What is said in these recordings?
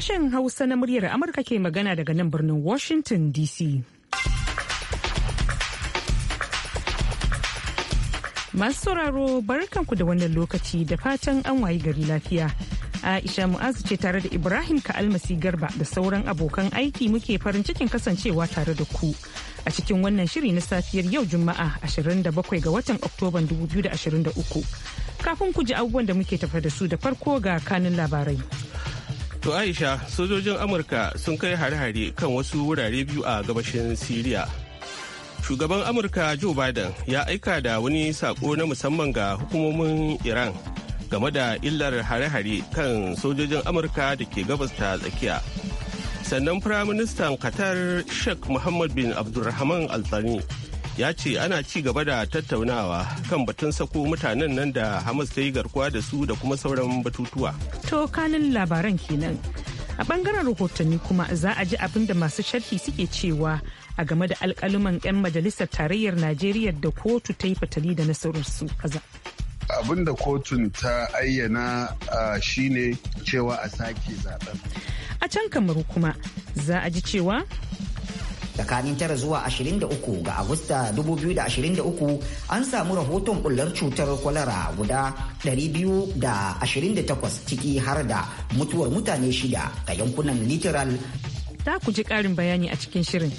Sashen Hausa na muryar Amurka ke magana daga nan birnin Washington DC. Masu sauraro barkanku da wannan lokaci da fatan an wayi gari lafiya. Aisha Mu'azu ce tare da Ibrahim Ka'almasi Garba da sauran abokan aiki muke farin cikin kasancewa tare da ku. A cikin wannan shiri na safiyar yau Juma'a 27 ga watan Oktoban 2023. Kafin ku ji abubuwan da muke tafa da su da farko ga kanin labarai. To Aisha, sojojin Amurka sun kai hare-hare kan wasu wurare biyu a gabashin Siriya. Shugaban Amurka Joe Biden ya aika da wani sako na musamman ga hukumomin Iran game da illar hare-hare kan sojojin Amurka da ke gabas ta tsakiya. Sannan Firaministan Qatar Sheikh Muhammad bin Abdulrahman Al-Thani ya ce ana ci gaba da tattaunawa kan batun sako mutanen nan da hamas ta yi garkuwa da su da kuma sauran batutuwa to kanin labaran kenan a bangaren rahotanni kuma za a ji abin da masu sharhi suke cewa a game da alkaluman 'yan majalisar tarayyar najeriya da kotu ta yi fatali da nasararsu abin da kotun ta ayyana shine cewa a sake zaben a can kamar kuma za a ji cewa tsakanin tara zuwa 23 ga agusta 2023 an samu rahoton bullar cutar kwalara guda 228 ciki har da mutuwar mutane shida a yankunan literal ta ku ji karin bayani a cikin shirin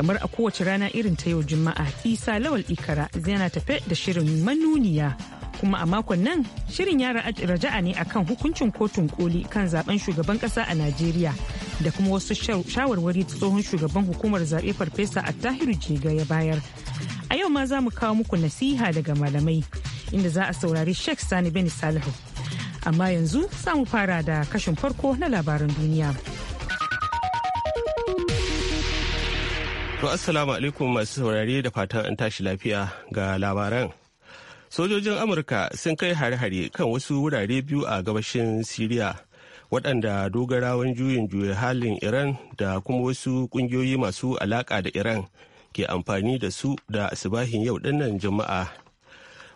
kamar a kowace rana irin ta yau juma'a isa lawal ikara yana tafe da shirin manuniya kuma a makon nan shirin ya raja'a ne akan hukuncin kotun koli kan zaben shugaban kasa a najeriya da kuma wasu shawarwari tsohon shugaban hukumar zaɓe farfesa a tahiru jega ya bayar a yau ma za mu kawo muku nasiha daga malamai inda za a saurari sheikh sani bin salihu amma yanzu za mu fara da kashin farko na labaran duniya assalamu alaikum masu saurari da fatan an tashi lafiya ga labaran sojojin amurka sun kai hare-hare kan wasu wurare biyu a gabashin siriya waɗanda dogarawan juyin juya halin iran da kuma wasu ƙungiyoyi masu alaƙa da iran ke amfani da su da asibahin yau dinnan jama'a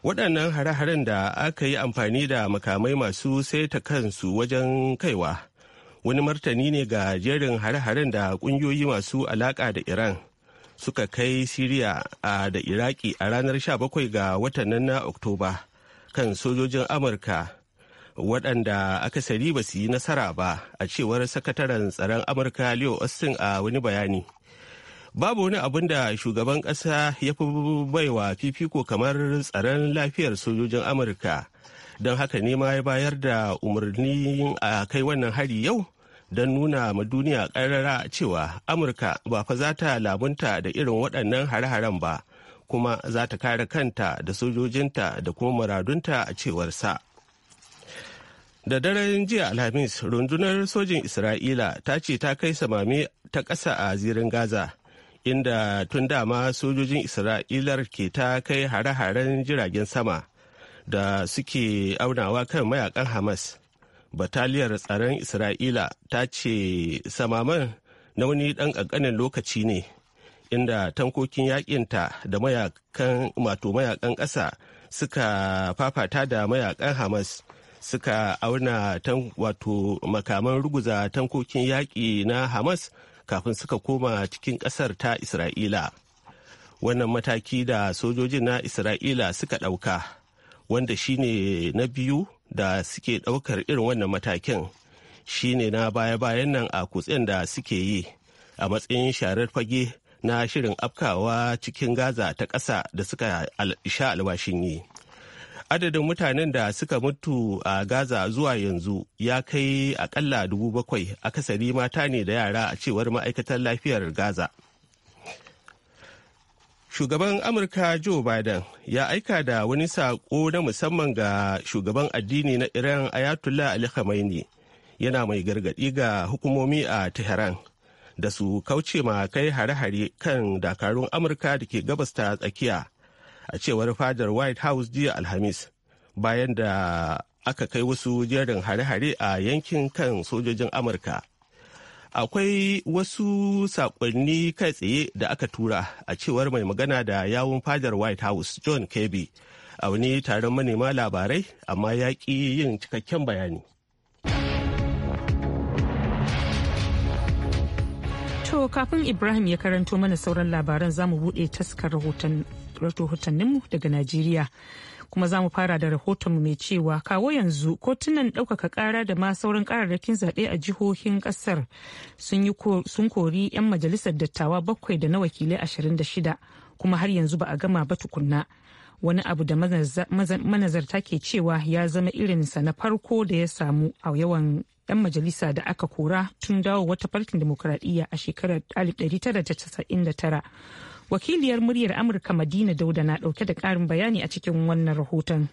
waɗannan hare-haren da aka yi amfani da makamai masu saita kansu wajen kaiwa wani martani ne ga jerin hare-haren da ƙungiyoyi masu alaƙa da iran suka kai siriya da iraki a ranar 17 ga watan na oktoba kan sojojin amurka waɗanda akasari ba su yi nasara ba a cewar sakataren tsaron amurka leo austin a wani bayani babu wani abun da shugaban ƙasa ya fi baiwa fifiko kamar tsaron lafiyar sojojin amurka don haka ne ma ya bayar da umarni a kai wannan hari yau don nuna ma duniya ƙarara cewa amurka ba fa za ta labunta da irin waɗannan hare-haren ba kuma za ta kare kanta da sojojinta da kuma muradunta a cewar sa. da daren jiya alhamis rundunar sojin isra'ila ta ce ta kai samami ta ƙasa a zirin gaza inda tun dama sojojin isra'ilar ke ta kai hare-haren jiragen sama da suke aunawa kan mayakan hamas bataliyar tsaron isra'ila ta ce samaman na wani ɗan ƙanƙanin lokaci ne inda tankokin yakinta da mayakan mato mayakan ƙasa suka fafata da mayakan hamas suka auna wato makaman ruguza tankokin yaƙi na hamas kafin suka koma cikin ƙasar ta isra'ila wannan mataki da sojojin na isra'ila suka ɗauka wanda shine na biyu da suke ɗaukar irin wannan matakin shine na baya-bayan nan a kutsen da suke yi a matsayin sharar fage na shirin afkawa cikin gaza ta ƙasa da suka sha albashin yi adadin mutanen da suka mutu a gaza zuwa yanzu ya kai akalla dubu bakwai akasari mata ne da yara a cewar ma'aikatar lafiyar gaza shugaban amurka joe biden ya aika da wani saƙo na musamman ga shugaban addini na iran ayatollah ali khamenei yana mai gargaɗi ga hukumomi a tehran da su kauce ma kai hare-hare kan dakarun amurka da ke gabas ta tsakiya a cewar fadar white house jiya alhamis bayan da aka kai wasu jerin hare-hare a yankin kan sojojin amurka akwai wasu sakonni kai tsaye da aka tura a cewar mai magana da yawun fadar white house john kirby a wani taron manema labarai amma ya ƙi yin cikakken bayani to kafin ibrahim ya karanto mana sauran labaran za mu buɗe taskar rahoton rahotanninmu daga Najeriya. Kuma za mu fara da rahotonmu mai cewa kawo yanzu kotunan ɗaukaka ƙara da ma sauran ƙararrakin zaɓe a jihohin ƙasar sun kori 'yan majalisar dattawa bakwai da na wakilai shida kuma har yanzu ba a gama ba tukunna. Wani abu da manazarta ke cewa ya zama irinsa na farko da ya samu a yawan 'yan majalisa da aka kora tun dawo wata farkin demokuraɗiyya a shekarar 1999. wakiliyar muryar amurka madina dauda na dauke da karin bayani a cikin wannan rahoton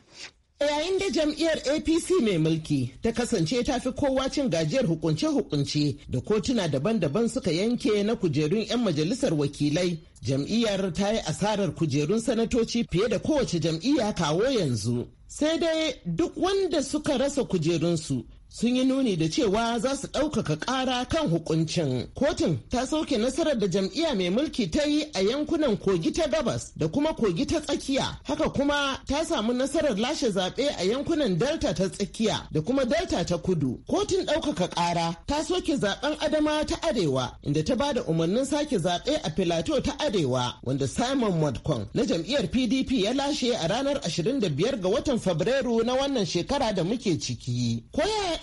yayin da jam'iyyar apc mai mulki ta kasance ta fi kowa cin gajiyar hukunce-hukunce da kotuna daban-daban suka yanke na kujerun 'yan majalisar wakilai jam'iyyar ta yi asarar kujerun sanatoci fiye da kowace jam'iyya kawo yanzu sai dai duk wanda suka rasa kujerunsu sun yi nuni da cewa za su ɗaukaka ƙara kan hukuncin. Kotun ta sauke nasarar da jam'iyya mai mulki ta yi a yankunan kogi ta gabas da kuma kogi ta tsakiya. Haka kuma ta samu nasarar lashe zaɓe a yankunan Delta ta tsakiya da kuma Delta ta kudu. Kotun ɗaukaka ƙara ta soke zaɓen Adama ta Arewa inda ta ba da umarnin sake zaɓe a Filato ta Arewa wanda Simon Modcon na jam'iyyar PDP ya lashe a ranar 25 ga watan Fabrairu na wannan shekara da muke ciki.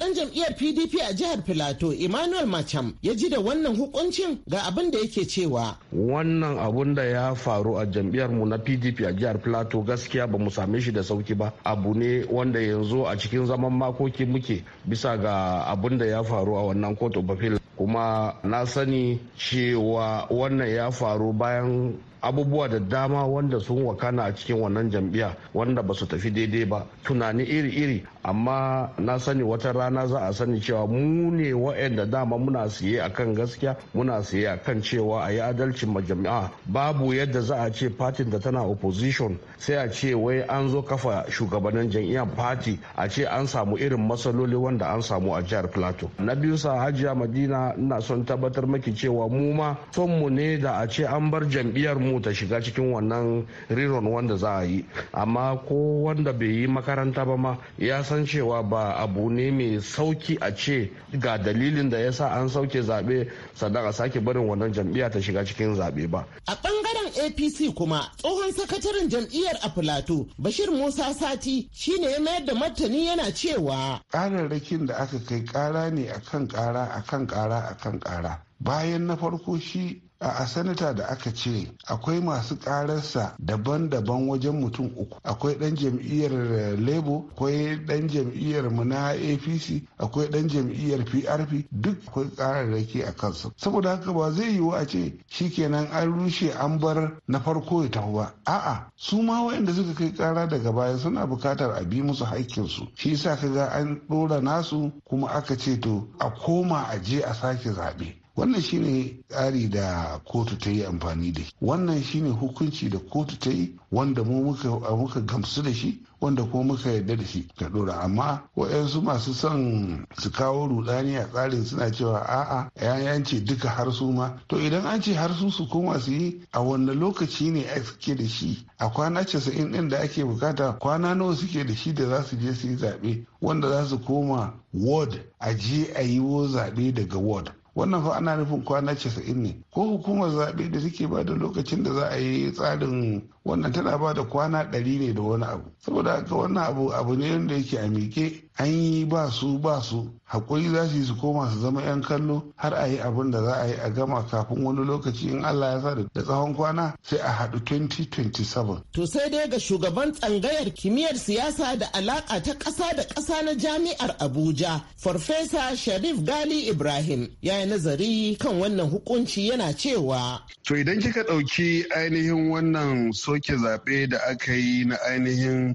dan jam'iyyar PDP a jihar Filato Emmanuel Macham ya ji da wannan hukuncin ga abin da yake cewa. Wannan abun da ya faru a jam'iyyar mu na PDP a jihar Filato gaskiya ba mu same shi da sauki ba. Abu ne wanda yanzu a cikin zaman makoki muke bisa ga abun da ya faru a wannan kotu bafil. Kuma na sani cewa wannan ya faru bayan abubuwa da dama wanda sun wakana a cikin wannan jam'iyya wanda ba su tafi daidai ba tunani iri-iri amma na sani wata rana za a sani cewa mu ne wa'anda dama muna siye a kan gaskiya muna siye a kan cewa a yi adalcin majami'a babu yadda za a ce fatin da tana opposition sai a ce wai an zo kafa shugabannin jam'iyyar fati a ce an samu irin matsaloli wanda an samu a jihar plateau na biyu sa hajiya madina ina son tabbatar maki cewa mu ma son mu ne da a ce an bar jam'iyyar mu ta shiga cikin wannan riron wanda za a yi amma ko wanda bai yi makaranta ba ma ya san cewa ba abu ne mai sauki a ce ga dalilin da ya sa an sauke zaɓe sannan a sake barin wannan jam'iyya ta shiga cikin zaɓe ba. A ɓangaren APC kuma tsohon sakataren jam'iyyar a Filato Bashir Musa Sati shine ya mayar da martani yana cewa. Ƙararrakin da aka kai ƙara ne akan ƙara akan ƙara akan ƙara. Bayan na farko shi a sanata da aka ce akwai masu ƙararsa daban-daban wajen mutum uku akwai ɗan jam'iyyar eh, labour akwai ɗan jam'iyyar mu na apc akwai ɗan jam'iyyar prp duk akwai ƙararraki a kansu saboda haka ba zai yiwu a ce kenan an rushe an bar na farko ya taho ba a'a su ma suka kai ƙara daga baya suna buƙatar a bi musu haƙƙinsu shi yasa ka ga an ɗora nasu kuma aka ce to a koma a je a sake zaɓe wannan shine tsari da kotu ta yi amfani da shi wannan shine hukunci da kotu ta yi wanda mu muka gamsu da shi wanda kuma muka yarda da shi ka dora amma waɗansu masu son su kawo rudani a tsarin suna cewa a'a 'Yan ce duka har su ma to idan an ce har su su koma su yi a wanne lokaci ne a suke da shi a kwana casa'in ɗin da ake bukata kwana nawa suke da shi da za su je su yi zaɓe wanda za su koma ward a je a yi wo zaɓe daga ward wannan fa ana nufin kwana casa'in ne ko hukumar zaɓe da suke ba da lokacin da za a yi tsarin wannan tana ba da kwana ɗari ne da wani abu saboda haka wannan abu abu ne wanda yake a miƙe an yi ba su ba su haƙuri za su yi su koma su zama 'yan kallo har a yi abin da za a yi a gama kafin wani lokaci in Allah ya sa da tsawon kwana sai a haɗu 2027. To sai dai ga shugaban tsangayar kimiyyar siyasa da alaƙa ta ƙasa da ƙasa na jami'ar Abuja, Farfesa Sharif Gali Ibrahim ya yi nazari kan wannan hukunci yana yana cewa. To idan kika ɗauki ainihin wannan soke zaɓe da aka yi na ainihin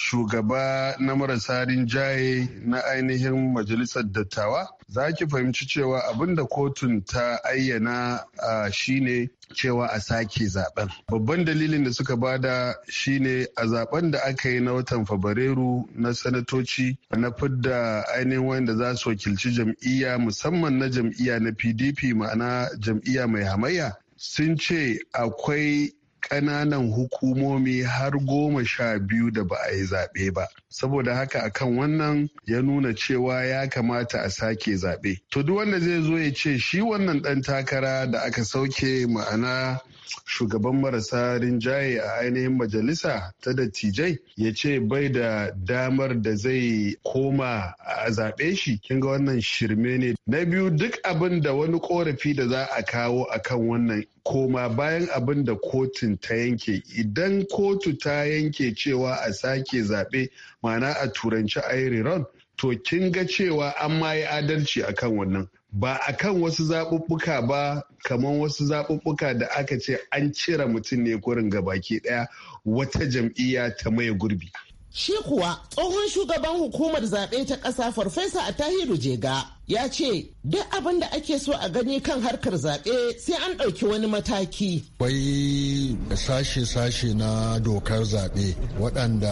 shugaba na marasa rinjaye na ainihin majalisar dattawa za ki fahimci cewa abinda kotun ta ayyana shine cewa a sake zaben babban dalilin da suka bada shine a zaben da aka yi na watan fabrairu na sanatoci na fidda ainihin wanda za su wakilci jam'iyya musamman na jam'iyya na pdp ma'ana jam'iyya mai hamayya sun ce akwai ƙananan hukumomi har goma sha biyu da ba a yi zaɓe ba. saboda haka akan wannan ya nuna cewa ya kamata a sake zaɓe to duk wanda zai zo ya ce shi wannan ɗan takara da aka sauke ma'ana shugaban marasa rinjaye a ainihin majalisa ta dattijai ya ce bai da damar da zai koma a zaɓe shi kin ga wannan shirme ne na biyu duk abin da wani korafi da za a kawo akan wannan koma bayan abin da kotun ta yanke idan kotu ta yanke cewa a sake zaɓe ma'ana a turanci iron to kin ga cewa an ma yi adalci kan wannan ba a kan wasu zaɓuɓɓuka ba kamar wasu zaɓuɓɓuka da aka ce an cire mutum ne gurin baki ɗaya wata jam'iyya ta maye gurbi. Shi kuwa tsohon shugaban hukumar zaɓe ta ƙasa Farfesa a tahiru Jega ya ce duk abin da ake so a gani kan harkar zaɓe sai an ɗauki wani mataki. Wai sashe-sashe na dokar zaɓe waɗanda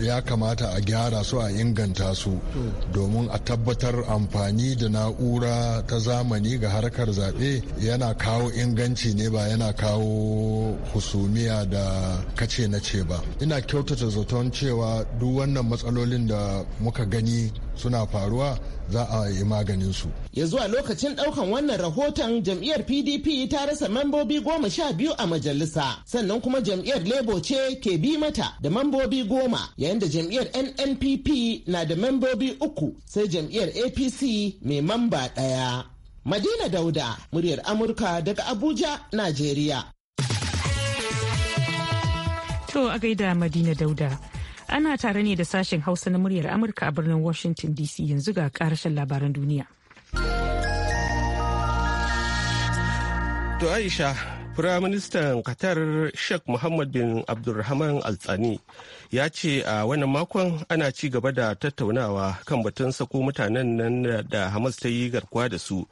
ya kamata a gyara su a inganta su domin a tabbatar amfani da na'ura ta zamani ga harkar zaɓe yana kawo inganci ne ba yana kawo husumiya da kace na ce ba. Ina kyautata zaton cewa duk wannan matsalolin da muka gani suna faruwa za a yi maganin su. Ya zuwa lokacin ɗaukan wannan rahoton jam'iyyar PDP ta rasa mambobi goma sha biyu a majalisa sannan kuma jam'iyyar Labour ce ke bi mata da mambobi goma yayin da jam'iyyar NNPP na da mambobi uku sai jam'iyyar APC mai mamba ɗaya. Madina Dauda, muryar Amurka daga Abuja, Najeriya. To a gaida Madina Dauda. Ana tare ne da sashen Hausa na muryar Amurka a birnin Washington DC yanzu ga karashen labaran duniya. To Aisha, Firaministan Qatar Sheikh Muhammad bin Abdulrahman Altsani ya ce a wannan makon ana ci gaba da tattaunawa kan batun sako mutanen nan da Hamas ta yi garkuwa da su.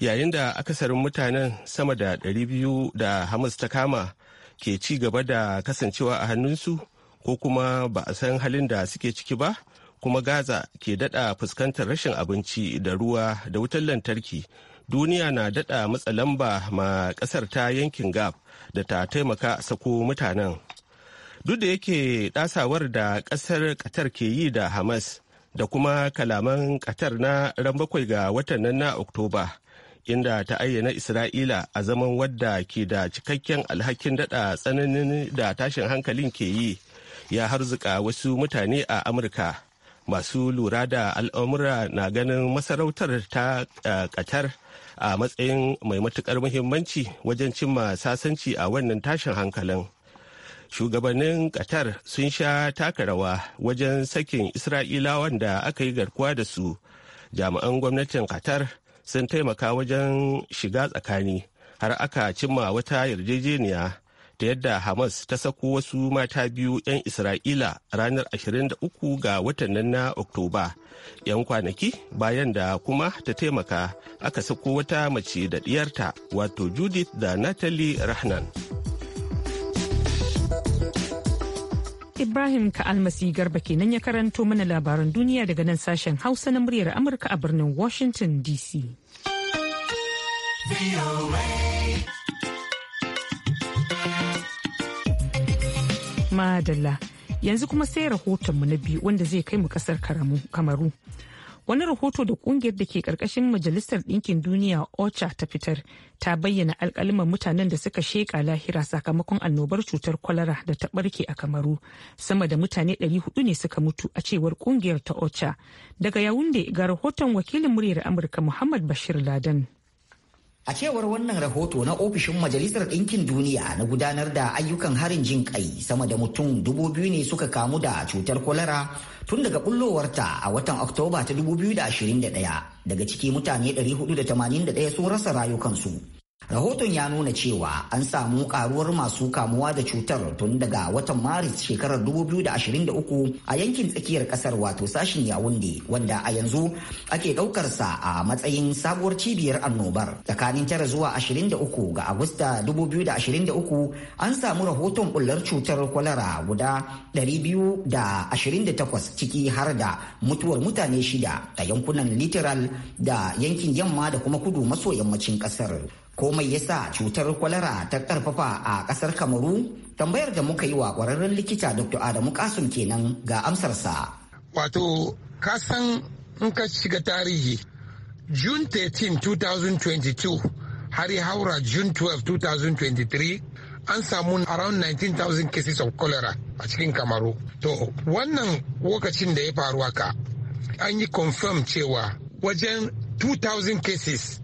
Yayin da akasarin mutanen sama da 200 da Hamas ta kama ke ci gaba da kasancewa a hannunsu ko kuma ba a san halin da suke ciki ba kuma gaza ke dada fuskantar rashin abinci da ruwa da wutar lantarki duniya na dada matsa lamba ma kasar ta yankin gab da ta taimaka sako mutanen duk da yake dasawar da kasar qatar ke yi da hamas da kuma kalaman qatar na ran bakwai ga watan nan na oktoba inda ta ayyana isra'ila a zaman wadda ke da cikakken alhakin dada tsananin da tashin hankalin ke yi ya harzuka wasu mutane a amurka masu lura da al'amura na ganin masarautar ta eh, Qatar a matsayin mai matukar muhimmanci wajen cimma sasanci a wannan tashin hankalin shugabannin ƙatar sun sha taka rawa wajen sakin isra'ilawan da aka yi garkuwa da su jami'an gwamnatin Qatar sun taimaka wajen shiga tsakani har aka cimma wata yarjejeniya da yadda Hamas ta sako wasu mata biyu 'yan Isra'ila ranar 23 ga watan nan na Oktoba. 'Yan kwanaki bayan da kuma ta taimaka aka sako wata mace da ɗiyarta wato Judith da Natalie Rahnan. Ibrahim Ka'almasi Garba kenan ya karanto mana labaran duniya daga nan sashen Hausa na muryar Amurka a birnin Washington DC. Madalla. Yanzu kuma sai rahotonmu na biyu wanda zai kai mu kasar Kamaru. Wani rahoto da kungiyar da ke karkashin Majalisar Ɗinkin Duniya OCHA ta fitar ta bayyana alkalman mutanen da suka sheƙa lahira sakamakon annobar cutar kwalara da ta ɓarke a Kamaru. Sama da mutane 400 ne suka mutu a cewar kungiyar ta OCHA. Daga Yawunde ga rahoton wakilin muryar Amurka Muhammad Bashir Ladan. A cewar wannan rahoto na ofishin Majalisar Ɗinkin Duniya na gudanar da ayyukan harin jin kai sama da mutum dubu biyu ne suka kamu da cutar kwalara tun daga bullowarta a watan Oktoba ta 2021 daga ciki mutane 481 sun rasa rayukansu. Rahoton ya nuna cewa an samu karuwar masu kamuwa da cutar tun daga watan Maris shekarar 2023 a yankin tsakiyar kasar wato sashin Yawunde wanda a yanzu ake ɗaukarsa a matsayin sabuwar cibiyar annobar. Tsakanin tara zuwa 23 ga Agusta 2023 an samu rahoton bullar cutar kwalara guda 228 ciki har da mutuwar mutane shida a yankunan literal da yankin yamma da kuma kudu maso yammacin kasar. komai yasa cutar kwalara ta karfafa a kasar kamaru tambayar da muka yi wa kwararren likita dr adamu kasum kenan ga amsarsa wato kasan in ka shiga tarihi june 13 2022 har haura june 12 2023 an samu around 19,000 cases of cholera a cikin kamaru to wannan lokacin da ya faru haka an yi confirm cewa wajen 2,000 cases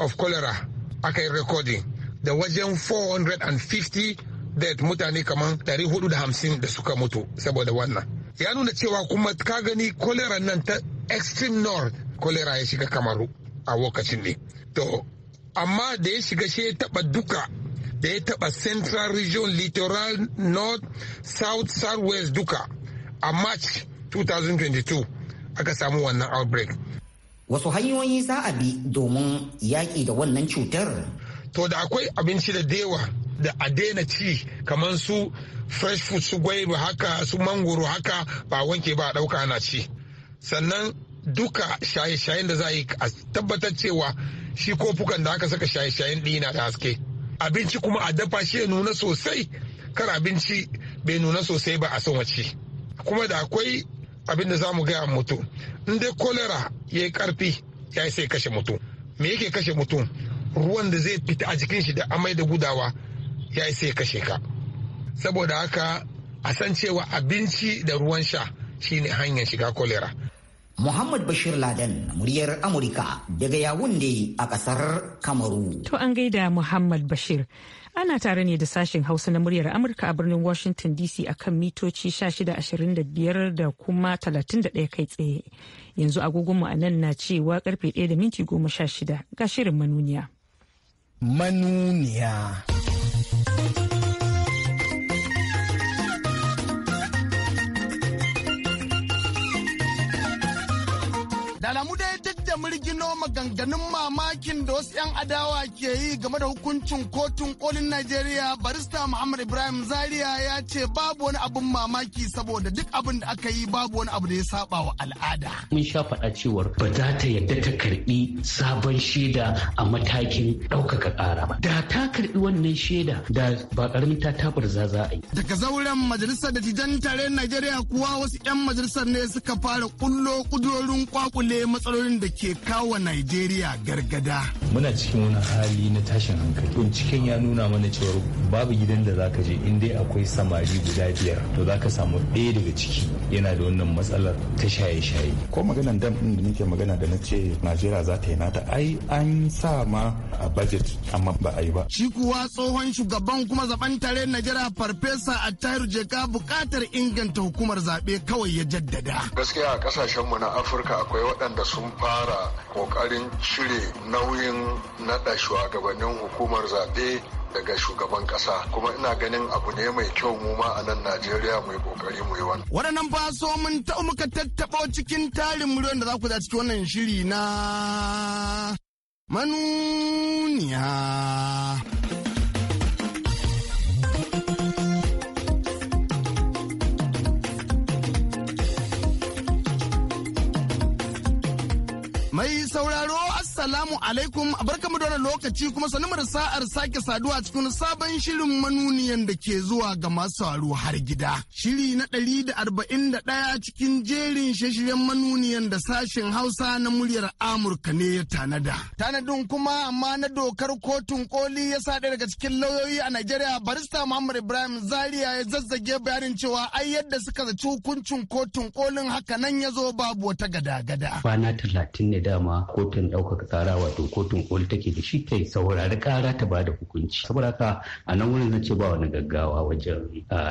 of cholera aka yi recording da wajen 450 dead mutane kamar hudu da hamsin da suka mutu saboda wannan ya nuna cewa kuma ka gani cholera nan ta extreme north cholera ya shiga kamaru a lokacin ne to amma da ya shiga shi ya taba duka da ya taba central region littoral north south south west duka a march 2022 aka samu wannan outbreak wasu hanyoyi za a bi domin yaƙi da wannan cutar. To da akwai abinci da dewa da a daina ci kamar su fresh food su gwaiba haka su mangoro haka ba wanke ba a ɗauka ana ci. Sannan duka shaye-shayen da za a yi a tabbatar cewa shi kofukan da aka saka shaye-shayen ɗina da haske. Abinci kuma a dafa shi ya nuna sosai kar abinci bai nuna sosai ba a son wace. Kuma da akwai abin da za mu gaya mutum in dai kolera ya yi karfi ya yi sai kashe mutum me yake kashe mutum ruwan da zai fita a jikin shi da amai da gudawa ya yi sai kashe ka saboda haka a san cewa abinci da ruwan sha shine hanyar shiga kolera Muhammad Bashir Laden muryar Amurka daga yawun da a kasar Kamaru. To an gaida Muhammad Bashir. Ana tare ne da sashen Hausa na muryar Amurka a birnin Washington DC a kan mitoci 1625 da kuma 31 kai tsaye. Yanzu agogonmu a nan na cewa karfe 1 da minti 16 ga shirin manuniya. Manuniya. Da dai da mirgino maganganun mamakin da wasu 'yan adawa ke yi game da hukuncin kotun kolin Najeriya barista Muhammad Ibrahim Zaria ya ce babu wani abin mamaki saboda duk abin da aka yi babu wani abu da ya saba wa al'ada. Mun sha faɗa cewar ba za ta yadda ta karɓi sabon shaida a matakin ɗaukaka ƙara ba. Da ta karɓi wannan shaida da ba ƙaramin ta tabar za za a yi. Daga zauren majalisar da tijan tare Najeriya kuwa wasu 'yan majalisar ne suka fara kullo kudurorin kwakule matsalolin da ke ke kawo Najeriya gargada. Muna cikin wani hali na tashin hankali. Binciken ya nuna mana cewa babu gidan da zaka je in dai akwai samari guda biyar to zaka samu ɗaya daga ciki yana da wannan matsalar ta shaye-shaye. Ko magana dam din da nake magana da na ce Najeriya za ta yi nata ai an sa ma a budget amma ba a yi ba. Shi kuwa tsohon shugaban kuma zaben tare Najeriya Farfesa a Attahiru Jeka buƙatar inganta hukumar zaɓe kawai ya jaddada. Gaskiya a ƙasashenmu na Afirka akwai waɗanda sun fara da kokarin cire nauyin naɗa shugabannin hukumar zaɓe daga shugaban ƙasa kuma ina ganin abu ne mai kyau mu ma a nan Najeriya mai kokari mu yi wannan. Waɗannan faso mun ta muka tattaɓo cikin tarin miliyon da za ku za cikin wannan shiri na manuniya. Mai sauraro Assalamu alaikum mu da lokaci kuma sani mu da sa'ar sake saduwa cikin sabon shirin manuniyan da ke zuwa ga masu sauraro har gida. Shiri na ɗari da arba'in da ɗaya cikin jerin shirye-shiryen manuniyan da sashen Hausa na muryar Amurka ne ya tanada. Tanadin kuma amma na dokar kotun koli ya sa daga cikin lauyoyi a Najeriya barista Muhammad Ibrahim Zaria ya zazzage bayanin cewa ai yadda suka zaci hukuncin kotun kolin haka nan ya zo babu wata gada-gada. Kwana talatin ne dama kotun ɗaukaka tsara wato kotun kotun koli take da shi kai saurari kara ta bada hukunci saboda haka a nan wurin na ce ba wani gaggawa wajen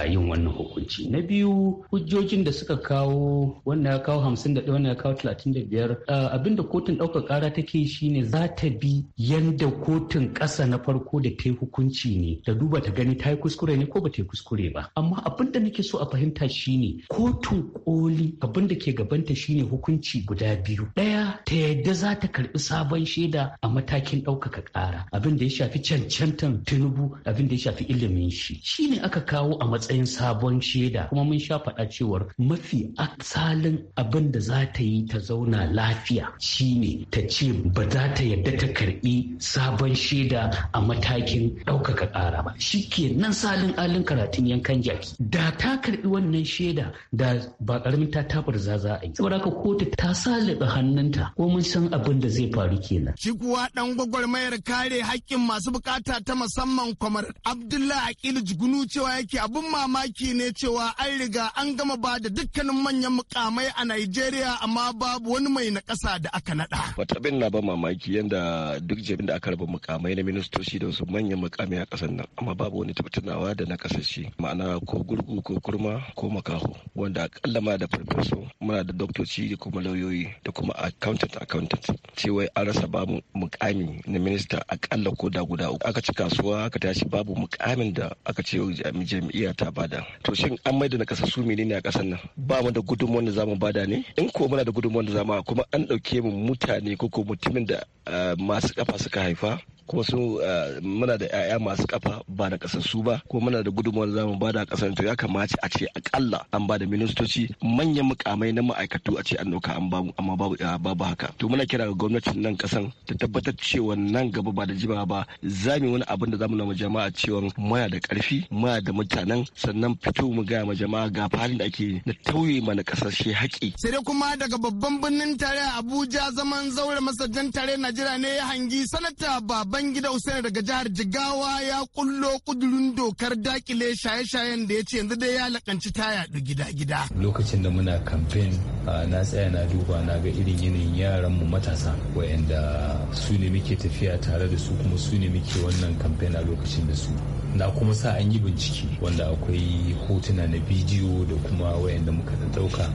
yin wannan hukunci na biyu hujjojin da suka kawo wanda ya kawo hamsin da ɗaya wanda ya kawo talatin da biyar abinda kotun ɗaukar kara take shi ne za ta bi yanda kotun ƙasa na farko da ta yi hukunci ne da duba ta gani ta yi kuskure ne ko ba ta yi kuskure ba amma abinda nake so a fahimta shi ne, kotun koli abinda ke gabanta ne hukunci guda biyu ɗaya ta yadda za ta karɓi sabon shaida tunda a matakin ɗaukaka ƙara abin da ya shafi cancantan tinubu abin da ya shafi ilimin shi shine aka kawo a matsayin sabon shaida kuma mun sha faɗa cewar mafi asalin abin da za ta yi ta zauna lafiya shine ta ce ba za ta yadda ta karɓi sabon shaida a matakin ɗaukaka ƙara ba shi ke nan salin alin karatun yankan jaki da ta karɓi wannan shaida da ba ƙaramin ta tabar za za a yi saboda haka kotu ta saliba hannunta ko mun san abin da zai faru kenan Shi kuwa ɗan gwagwarmayar kare haƙƙin masu bukata ta musamman kwamar Abdullahi Akil Jigunu cewa yake abin mamaki ne cewa an riga an gama ba da dukkanin manyan mukamai a nigeria amma babu wani mai na ƙasa da aka naɗa. Wata abin na ba mamaki yadda duk jami'in da aka raba mukamai na ministoci da wasu manyan mukamai a ƙasar nan amma babu wani tabbatanawa da na ƙasashe ma'ana ko gurgu ko kurma ko makaho wanda akalla ma da farfeso muna da doktoci da kuma lauyoyi da kuma accountant accountant cewa an rasa ba mukami na minista akalla ko da guda uku aka ci kasuwa aka tashi babu mukamin da aka ce jam'iyya ta bada to shin an maida na kasa su menene a kasar nan ba mu da gudunmuwan da za mu bada ne in ko muna da gudunmuwan da za mu kuma an dauke mu mutane ko ko mutumin da eh, masu kafa suka haifa ko su eh, muna da 'ya'ya masu kafa ba da su ba ko muna da gudunmawar zamu ba da kasar to ya kamata a ce akalla an ba da ministoci manyan mukamai na ma'aikatu a ce an dauka an a amma babu eh, babu haka to muna kira ga gwamnatin nan ƙasan ta tabbatar cewa nan gaba ba da jimawa ba za mu wani abin da zamu nama jama'a cewa muna da karfi muna da mutanen sannan fito mu ga ma jama'a ga halin da ake na tauye mana shi haƙi sai dai kuma daga babban birnin tare Abuja zaman zaure masajan tare Najeriya ne hangi sanata baba gida Hussein daga jihar Jigawa ya kullo kudurin dokar dakile shaye-shayen da ya ce yanzu dai ya lakanci ta yadu gida-gida. Lokacin da muna kamfen na tsaya na duba na ga irin yanayin yaran mu matasa wayanda su ne muke tafiya tare da su kuma su ne muke wannan kamfen a lokacin da su. na kuma sa an yi bincike wanda akwai hotuna na bidiyo da kuma wayanda muka ɗauka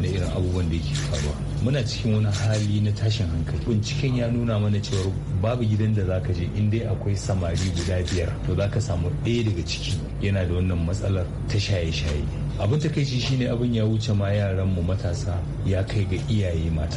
na irin abubuwan da yake faruwa muna cikin wani hali na tashin hankali binciken ya nuna mana cewa babu gidan da zaka je in dai akwai samari guda biyar to zaka samu ɗaya daga ciki yana da wannan matsalar ta shaye-shaye abin takaici shine abin ya wuce ma yaran mu matasa ya kai ga iyaye mata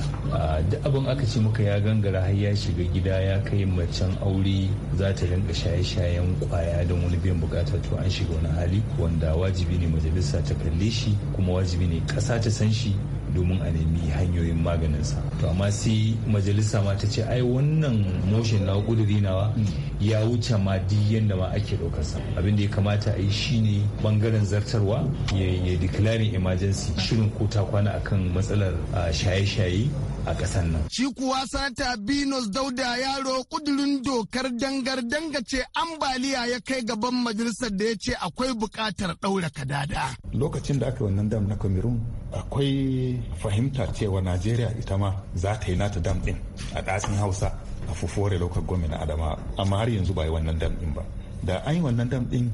duk abin aka ce maka ya gangara har ya shiga gida ya kai macen aure za ta rinka shaye-shayen kwaya don wani biyan bukata to an shiga wani hali wanda wajibi ne majalisa ta kalle shi kuma wajibi ne kasa ta san shi domin a nemi hanyoyin maganin sa to amma sai majalisa ma ta ce ai wannan motion na kuduri nawa ya wuce ma duk yadda ma ake sa abin da ya kamata a yi shine bangaren zartarwa ya declaring emergency shirin ko ta kwana akan matsalar shaye-shaye a ƙasar nan. Shi kuwa sata binus Dauda yaro kudurin dokar dangar ce ambaliya ya kai gaban majalisar da ya ce akwai bukatar ɗaura kadada. Lokacin da aka yi wannan dam na Cameroon akwai fahimta cewa Najeriya ita ma za ta yi nata dam ɗin a ɗasin Hausa a fufore lokacin gwamnati Adama amma har yanzu ba yi wannan dam ɗin ba. Da an yi wannan dam ɗin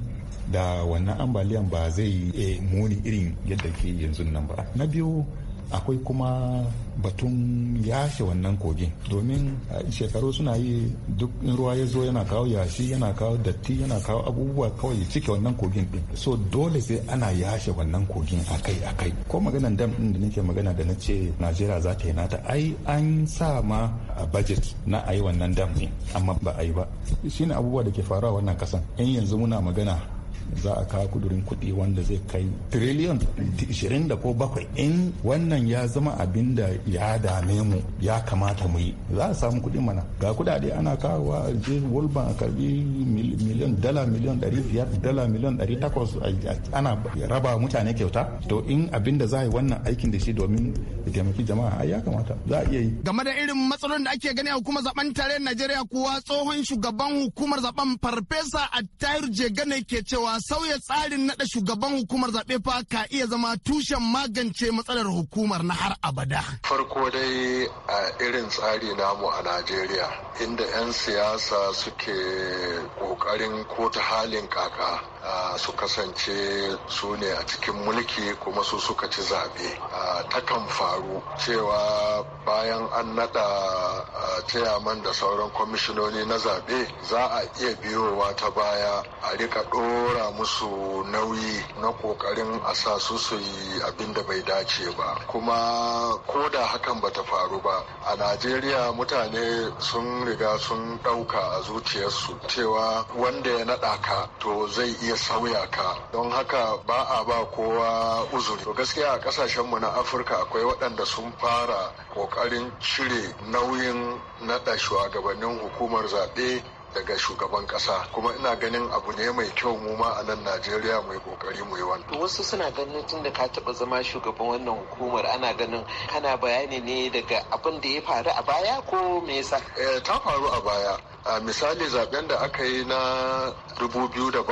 da wannan ambaliyan ba zai yi eh, muni irin yadda ke yanzu nan ba. Na biyu akwai kuma batun yashe wannan kogin domin shekaru suna yi duk in ruwa ya zo yana kawo yashi yana kawo datti yana kawo abubuwa kawai cike wannan kogin din so dole sai ana yashe wannan kogin akai akai ko maganan dam din da nake magana da na ce najeriya za ta yi nata ai an sa ma a budget na a yi wannan dam ne amma ba a yi ba shine abubuwa da ke faruwa wannan kasan yan yanzu muna magana za a kawo kudurin kuɗi wanda zai kai tiriliyon 27 da ko bakwai in wannan ya zama abin da ya dame mu ya kamata mu yi za a samu kuɗin mana ga kudade ana kawo je world bank a karbi miliyan dala miliyan 500 dala miliyan 800 ana raba mutane kyauta to in abin da za a yi wannan aikin da shi domin ya taimaki jama'a ai ya kamata za a iya yi game da irin matsalolin da ake gani a hukumar zaben tarayyar Najeriya kuwa tsohon shugaban hukumar zaben farfesa a tayar Jegane ke cewa sauya tsarin naɗa shugaban hukumar zaɓe fa ka iya zama tushen magance matsalar hukumar na har abada. Farko dai a irin tsari namu a Najeriya inda 'yan siyasa suke ƙoƙarin ko ta halin kaka su kasance su ne a cikin mulki kuma su suka ci zaɓe. Takan faru cewa bayan an naɗa ciyaman da sauran kwamishinoni na zaɓe za a iya biyowa ta baya a rika ɗora musu nauyi na ƙoƙarin a sa su su yi abin da bai dace ba kuma ko da hakan ba ta faru ba a najeriya mutane sun riga sun ɗauka a zuciyarsu cewa wanda ya naɗa ka to zai iya sauya ka don haka ba a ba kowa uzuri to gaskiya a ƙasashenmu na afirka akwai waɗanda sun fara ƙoƙarin cire nauyin naɗa shugabannin hukumar zaɓe daga shugaban kasa kuma ina ganin abu ne mai kyau mu ma a nan najeriya mai kokari mu yi wani wasu suna ganin tun da ka taba zama shugaban wannan hukumar ana ganin kana bayani ne daga abin da ya faru a baya ko me yasa eh, ta faru a baya a misali zaben da aka yi na 2007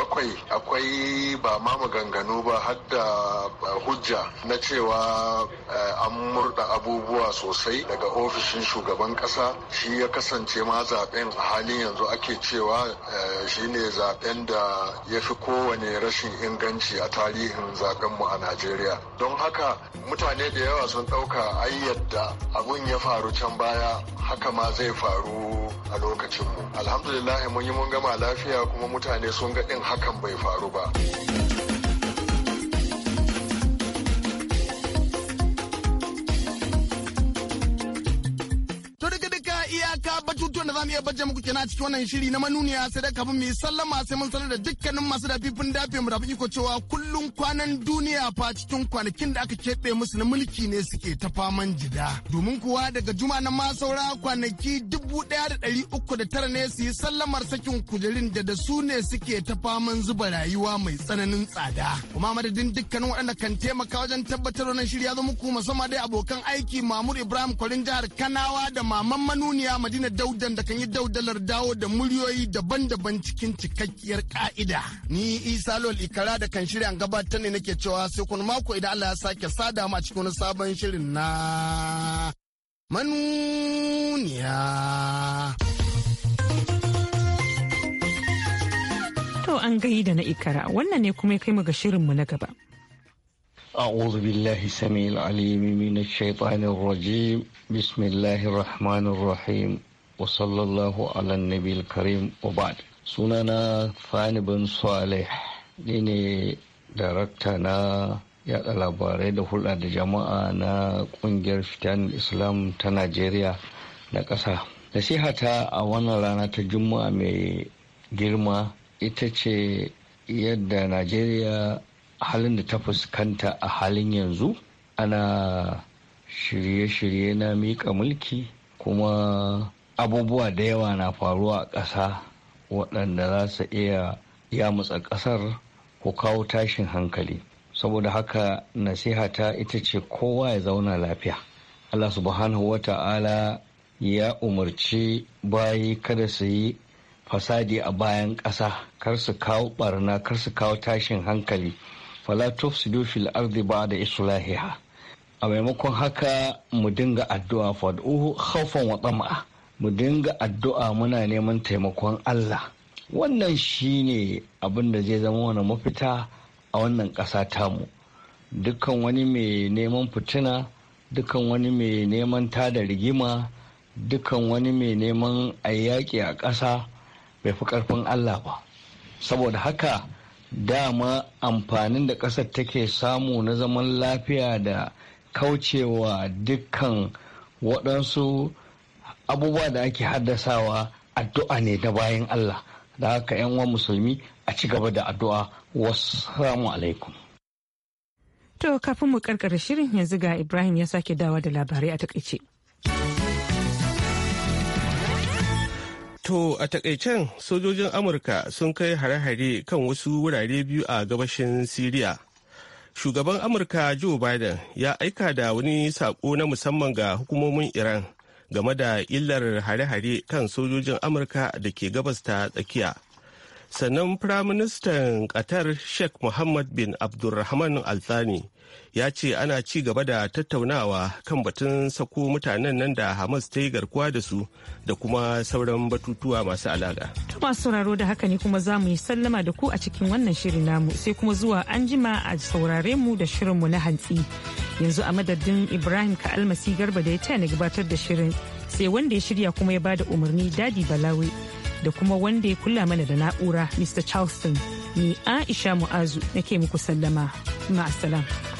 akwai ba ma maganganu ba har da hujja na cewa eh, an murda abubuwa sosai daga ofishin shugaban kasa shi ya kasance ma zaben a halin yanzu ake cewa eh, shi ne zaben da ya fi kowane rashin inganci a tarihin zabenmu a najeriya don haka mutane da yawa sun ɗauka ayyadda abun ya faru can baya haka ma zai faru a lokacin alhamdulillah mun yi mun gama lafiya kuma mutane sun ga ɗin hakan bai faru ba za mu iya bajje muku kenan cikin wannan shiri na manuniya sai da kafin mu yi sallama sai mun sanar da dukkanin masu dafifin dafe mu da iko cewa kullun kwanan duniya fa cikin kwanakin da aka keɓe musu na mulki ne suke ta faman jida. Domin kuwa daga juma na ma saura kwanaki dubu ɗaya da ɗari uku da tara ne su yi sallamar sakin kujerin da da su ne suke ta faman zuba rayuwa mai tsananin tsada. Kuma madadin dukkanin waɗanda kan taimaka wajen tabbatar wannan ya zo muku musamman dai abokan aiki Mahmud Ibrahim Kwarin jihar Kanawa da Maman Manuniya Madina Daudan da Kan yi daudalar dawo da muryoyi daban-daban cikin cikakkiyar ka'ida. Ni Isa Lol Ikara da kan shirya gabatar ne nake cewa sai kun mako idan Allah ya sake sada mu a cikin wani sabon shirin na manuniya. To an gaida na Ikara wannan ne kuma ya kai mu ga shirinmu na gaba. أعوذ بالله السميع العليم من الشيطان الرجيم بسم الله الرحمن الرحيم wa sallallahu ala nabil karim obad sunana fani bin saleh ni ne darakta na yada labarai da hulɗa da jama'a na kungiyar fitan islam ta najeriya na ƙasa nasihata a wannan rana ta juma'a mai girma ita ce yadda najeriya halin da ta fuskanta a halin yanzu ana shirye-shirye na miƙa mulki kuma abubuwa da yawa na faruwa a ƙasa waɗanda za su iya yamutsa ƙasar ko kawo tashin hankali saboda haka nasihata ita ce kowa ya zauna lafiya allah subhanahu wa ta'ala ya umarci bayi kada su yi fasadi a bayan ƙasa kar su kawo barna kar su kawo tashin hankali falatuf su fil ardi ba da isu lahiya a maimakon haka mu dinga addu'a fad'uhu khawfan wa tama'a mu dinga addu'a muna neman taimakon Allah wannan shine abin da zai zama wani mafita a wannan ƙasa tamu dukkan wani mai neman fitina dukkan wani mai neman tada rigima dukkan wani mai neman a yaƙi a ƙasa bai fi ƙarfin Allah ba saboda haka dama amfanin da ƙasar take samu na zaman lafiya da kaucewa dukkan waɗansu abubuwa da ake haddasawa addu'a ne da bayan Allah da haka yan uwan musulmi a ci gaba da addu'a wassalamu alaikum to kafin mu karkara shirin yanzu ga Ibrahim ya sake dawa da labarai a takaice To a takaicen sojojin Amurka sun kai hare-hare kan wasu wurare biyu a gabashin Siriya. Shugaban Amurka Joe Biden ya aika da wani saƙo na musamman ga hukumomin Iran game da illar hare-hare kan sojojin amurka da ke gabas ta tsakiya sannan firaministan qatar sheikh muhammad bin abdulrahman althani ya ce ana ci gaba da tattaunawa kan batun sako mutanen nan da hamas ta yi garkuwa da su da kuma sauran batutuwa masu alaƙa. masu sauraro da haka ne kuma za mu yi sallama da ku a cikin wannan shirin namu sai kuma zuwa anjima a saurare mu da mu na hantsi yanzu a madadin ibrahim ka almasi garba da ya taya na gabatar da shirin sai wanda ya shirya kuma ya bada umarni dadi balawi da kuma wanda ya kula mana da na'ura Mr. Charleston. Ni Aisha Mu'azu nake muku sallama. Ma'asalam.